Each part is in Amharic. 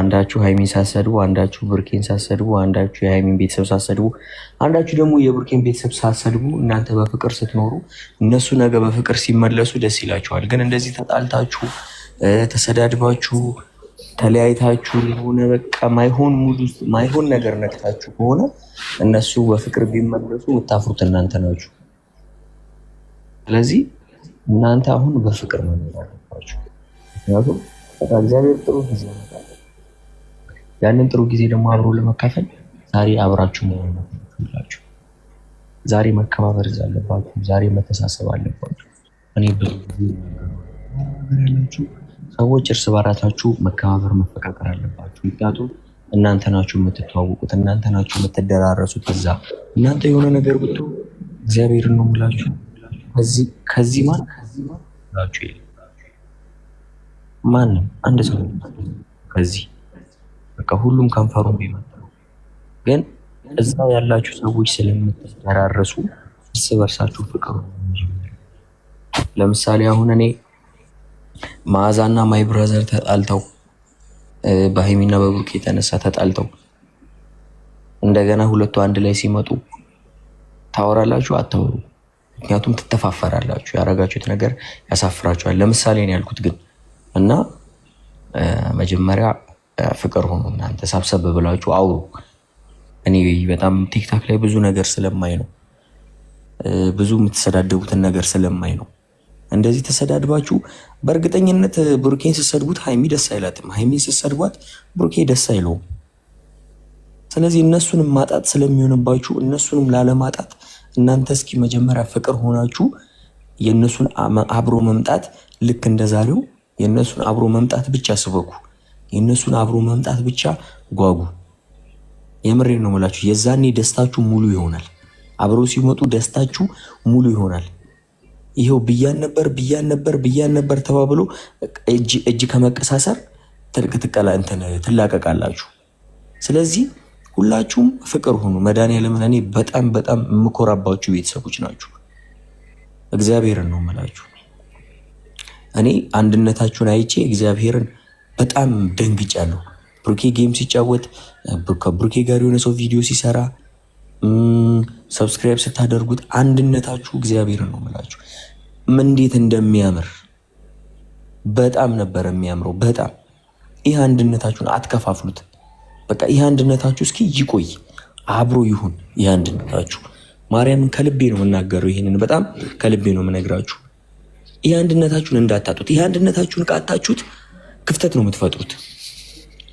አንዳችሁ ሀይሚን ሳሰድቡ፣ አንዳችሁ ብርኬን ሳሰድቡ፣ አንዳችሁ የሀይሚን ቤተሰብ ሳሰድቡ፣ አንዳችሁ ደግሞ የብርኬን ቤተሰብ ሳሰድቡ፣ እናንተ በፍቅር ስትኖሩ እነሱ ነገ በፍቅር ሲመለሱ ደስ ይላቸዋል። ግን እንደዚህ ተጣልታችሁ፣ ተሰዳድባችሁ፣ ተለያይታችሁ የሆነ በቃ ማይሆን ሙድ ውስጥ ማይሆን ነገር ነክታችሁ ከሆነ እነሱ በፍቅር ቢመለሱ የምታፍሩት እናንተ ናችሁ። ስለዚህ እናንተ አሁን በፍቅር መኖር አለባችሁ። ምክንያቱም እግዚአብሔር ጥሩ ጊዜ ያንን ጥሩ ጊዜ ደግሞ አብሮ ለመካፈል ዛሬ አብራችሁ መሆን ነው ዛሬ መከባበር አለባችሁ። ዛሬ መተሳሰብ አለባችሁ። እኔ ብዙ ሰዎች እርስ በራሳችሁ መከባበር፣ መፈቃቀር አለባችሁ። ምክንያቱም እናንተ ናችሁ የምትተዋወቁት፣ እናንተ ናችሁ የምትደራረሱት። እዛ እናንተ የሆነ ነገር ብቶ እግዚአብሔር ነው የምላችሁ ከዚህ ማን ማንም አንድ ሰው ከዚህ በቃ ሁሉም ከንፈሩ ቢመጣ ግን እዛ ያላችሁ ሰዎች ስለምትደራረሱ እርስ በርሳችሁ ፍቅሩ። ለምሳሌ አሁን እኔ መዓዛና ማይ ብራዘር ተጣልተው በሀይሚና በብሩክ የተነሳ ተጣልተው እንደገና ሁለቱ አንድ ላይ ሲመጡ ታወራላችሁ? አታወሩ። ምክንያቱም ትተፋፈራላችሁ። ያረጋችሁት ነገር ያሳፍራችኋል። ለምሳሌ ነው ያልኩት ግን እና መጀመሪያ ፍቅር ሆኑ። እናንተ ሰብሰብ ብላችሁ አውሩ። እኔ በጣም ቲክታክ ላይ ብዙ ነገር ስለማይ ነው፣ ብዙ የምትሰዳደቡትን ነገር ስለማይ ነው። እንደዚህ ተሰዳድባችሁ በእርግጠኝነት ብሩኬን ስሰድቡት ሀይሚ ደስ አይላትም፣ ሀይሚን ስሰድቧት ብሩኬ ደስ አይለውም። ስለዚህ እነሱንም ማጣት ስለሚሆንባችሁ እነሱንም ላለማጣት እናንተ እስኪ መጀመሪያ ፍቅር ሆናችሁ የእነሱን አብሮ መምጣት ልክ እንደዛሬው የእነሱን አብሮ መምጣት ብቻ ስበኩ። የእነሱን አብሮ መምጣት ብቻ ጓጉ። የምሬ ነው የምላችሁ። የዛኔ ደስታችሁ ሙሉ ይሆናል። አብረው ሲመጡ ደስታችሁ ሙሉ ይሆናል። ይሄው ብያን ነበር ብያን ነበር ብያን ነበር ተባብሎ እጅ ከመቀሳሰር ትልቅትቀላ እንትን ትላቀቃላችሁ። ስለዚህ ሁላችሁም ፍቅር ሁኑ። መድኃኒዓለምን እኔ በጣም በጣም የምኮራባችሁ ቤተሰቦች ናችሁ። እግዚአብሔርን ነው የምላችሁ። እኔ አንድነታችሁን አይቼ እግዚአብሔርን በጣም ደንግጫለሁ። ብሩኬ ጌም ሲጫወት ከብሩኬ ጋር የሆነ ሰው ቪዲዮ ሲሰራ ሰብስክራይብ ስታደርጉት አንድነታችሁ እግዚአብሔር ነው የምላችሁ እንዴት እንደሚያምር በጣም ነበር የሚያምረው። በጣም ይህ አንድነታችሁን አትከፋፍሉት። በቃ ይህ አንድነታችሁ እስኪ ይቆይ፣ አብሮ ይሁን። ይህ አንድነታችሁ ማርያምን ከልቤ ነው የምናገረው። ይህንን በጣም ከልቤ ነው የምነግራችሁ። ይህ አንድነታችሁን እንዳታጡት። ይህ አንድነታችሁን ቃጣችሁት ክፍተት ነው የምትፈጥሩት።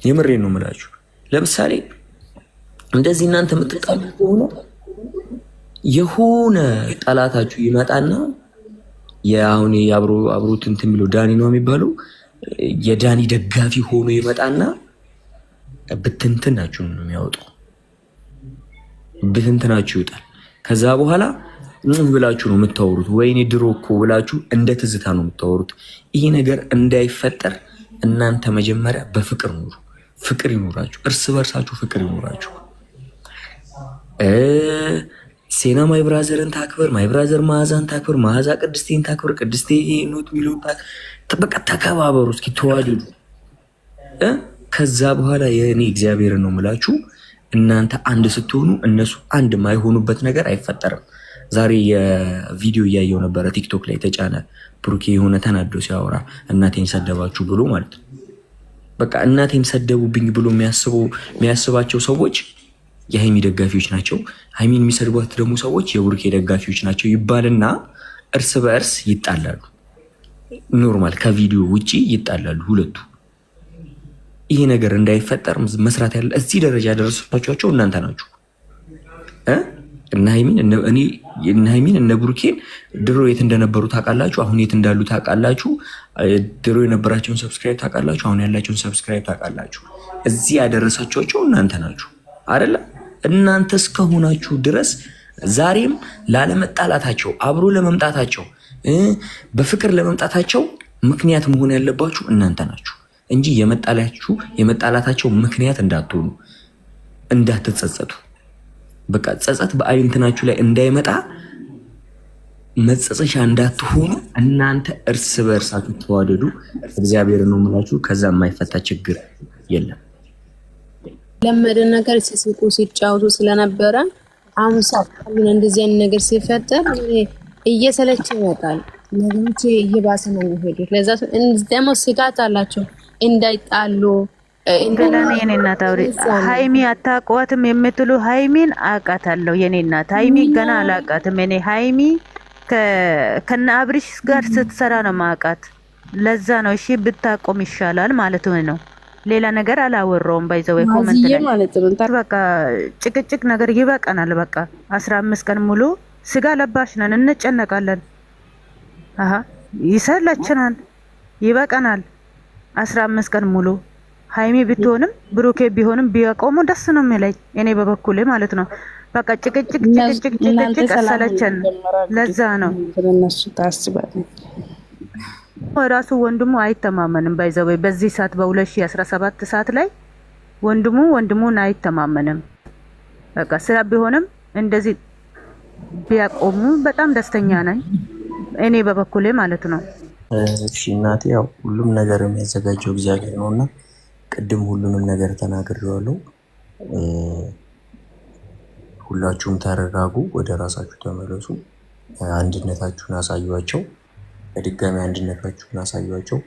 የምሬ ነው ምላችሁ። ለምሳሌ እንደዚህ እናንተ የምትጣሉ ከሆነ የሆነ ጠላታችሁ ይመጣና የአሁን አብሮ እንትን የሚለው ዳኒ ነው የሚባለው የዳኒ ደጋፊ ሆኖ ይመጣና ብትንትናችሁ ነው የሚያወጡ። ብትንትናችሁ ይውጣል። ከዛ በኋላ ብላችሁ ነው የምታወሩት። ወይኔ ድሮ እኮ ብላችሁ እንደ ትዝታ ነው የምታወሩት። ይሄ ነገር እንዳይፈጠር እናንተ መጀመሪያ በፍቅር ኑሩ። ፍቅር ይኑራችሁ፣ እርስ በርሳችሁ ፍቅር ይኑራችሁ። ሴና ማይብራዘርን ታክብር፣ ማይብራዘር መዓዛን ታክብር፣ መዓዛ ቅድስቴን ታክብር፣ ቅድስቴ ኖት ሚሊዮን በቃ ተከባበሩ፣ እስኪ ተዋደዱ። ከዛ በኋላ የእኔ እግዚአብሔርን ነው የምላችሁ እናንተ አንድ ስትሆኑ እነሱ አንድ ማይሆኑበት ነገር አይፈጠርም። ዛሬ የቪዲዮ እያየው ነበረ ቲክቶክ ላይ ተጫነ ብሩኬ የሆነ ተናዶ ሲያወራ እናቴን ሰደባችሁ ብሎ ማለት ነው። በቃ እናቴን ሰደቡብኝ ብሎ የሚያስባቸው ሰዎች የሀይሚ ደጋፊዎች ናቸው። ሀይሚን የሚሰድቧት ደግሞ ሰዎች የብሩኬ ደጋፊዎች ናቸው ይባልና እርስ በእርስ ይጣላሉ። ኖርማል ከቪዲዮ ውጪ ይጣላሉ ሁለቱ። ይሄ ነገር እንዳይፈጠር መስራት ያለ እዚህ ደረጃ ደረሰባችኋቸው እናንተ ናችሁ። እነ እነ ብሩኬን ድሮ የት እንደነበሩ ታውቃላችሁ፣ አሁን የት እንዳሉ ታውቃላችሁ። ድሮ የነበራቸውን ሰብስክራይብ ታውቃላችሁ፣ አሁን ያላቸውን ሰብስክራይብ ታውቃላችሁ። እዚህ ያደረሳችኋቸው እናንተ ናችሁ አደለ? እናንተ እስከሆናችሁ ድረስ ዛሬም ላለመጣላታቸው አብሮ ለመምጣታቸው በፍቅር ለመምጣታቸው ምክንያት መሆን ያለባችሁ እናንተ ናችሁ እንጂ የመጣላችሁ የመጣላታቸው ምክንያት እንዳትሆኑ እንዳትጸጸቱ። በቃ ጸጸት በአይንትናችሁ ላይ እንዳይመጣ መጸጸሻ እንዳትሆኑ እናንተ እርስ በእርሳችሁ ተዋደዱ። እግዚአብሔር ነው የምላችሁ። ከዛ የማይፈታ ችግር የለም። ለመደን ነገር ሲስቁ ሲጫወቱ ስለነበረ አምሳ እንደዚህ አይነት ነገር ሲፈጠር እየሰለች ይመጣል። ነገሮች እየባሰ ነው የሚሄዱት። ለዛ ደግሞ ስጋት አላቸው እንዳይጣሉ እንደናኔ ነው የኔ እናት አውሪ ሀይሚ አታቋትም የምትሉ ሀይሚን አውቃታለሁ። የኔ እናት ሀይሚ ገና አላውቃትም። እኔ ሀይሚ ከነ አብሪሽ ጋር ስትሰራ ነው ማውቃት። ለዛ ነው እሺ ብታቆም ይሻላል ማለት ነው። ሌላ ነገር አላወራውም። ባይዘው ኮመንት በቃ ጭቅጭቅ ነገር ይበቃናል። በቃ አስራ አምስት ቀን ሙሉ ስጋ ለባሽ ነን፣ እንጨነቃለን፣ ይሰለችናል፣ ይበቃናል። አስራ አምስት ቀን ሙሉ ሀይሚ ብትሆንም ብሩኬ ቢሆንም ቢያቆሙ ደስ ነው የሚለኝ እኔ በበኩሌ ማለት ነው። በቃ ጭቅጭቅ ጭቅጭቅ ጭቅጭቅ አሰለቸን። ለዛ ነው ራሱ ወንድሙ አይተማመንም። ባይዘው በዚህ ሰዓት በ2017 ሰዓት ላይ ወንድሙ ወንድሙን አይተማመንም። በቃ ስራ ቢሆንም እንደዚህ ቢያቆሙ በጣም ደስተኛ ነኝ እኔ በበኩሌ ማለት ነው። እሺ እናቴ፣ ያው ሁሉም ነገር የሚያዘጋጀው እግዚአብሔር ነውና ቅድም ሁሉንም ነገር ተናግሬዋለሁ። ሁላችሁም ተረጋጉ፣ ወደ ራሳችሁ ተመለሱ፣ አንድነታችሁን አሳዩቸው። በድጋሚ አንድነታችሁን አሳዩቸው።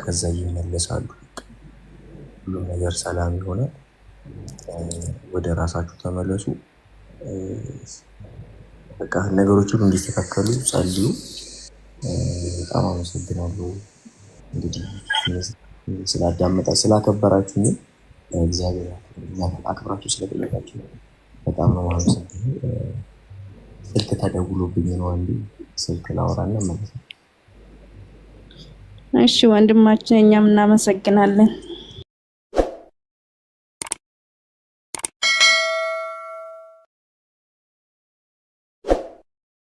ከዛ ይመለሳሉ። ሁሉም ነገር ሰላም ይሆናል። ወደ ራሳችሁ ተመለሱ። በቃ ነገሮች ሁሉ እንዲስተካከሉ ጸልዩ። በጣም አመሰግናለሁ እንግዲህ ስላዳመጣ ስላከበራችሁ እግዚአብሔር አክብራችሁ ስለጠየቃችሁ በጣም ነው ማለት ስልክ ተደውሎብኝ ነው አንዱ ስልክ ላወራና ማለት እሺ ወንድማችን፣ እኛም እናመሰግናለን።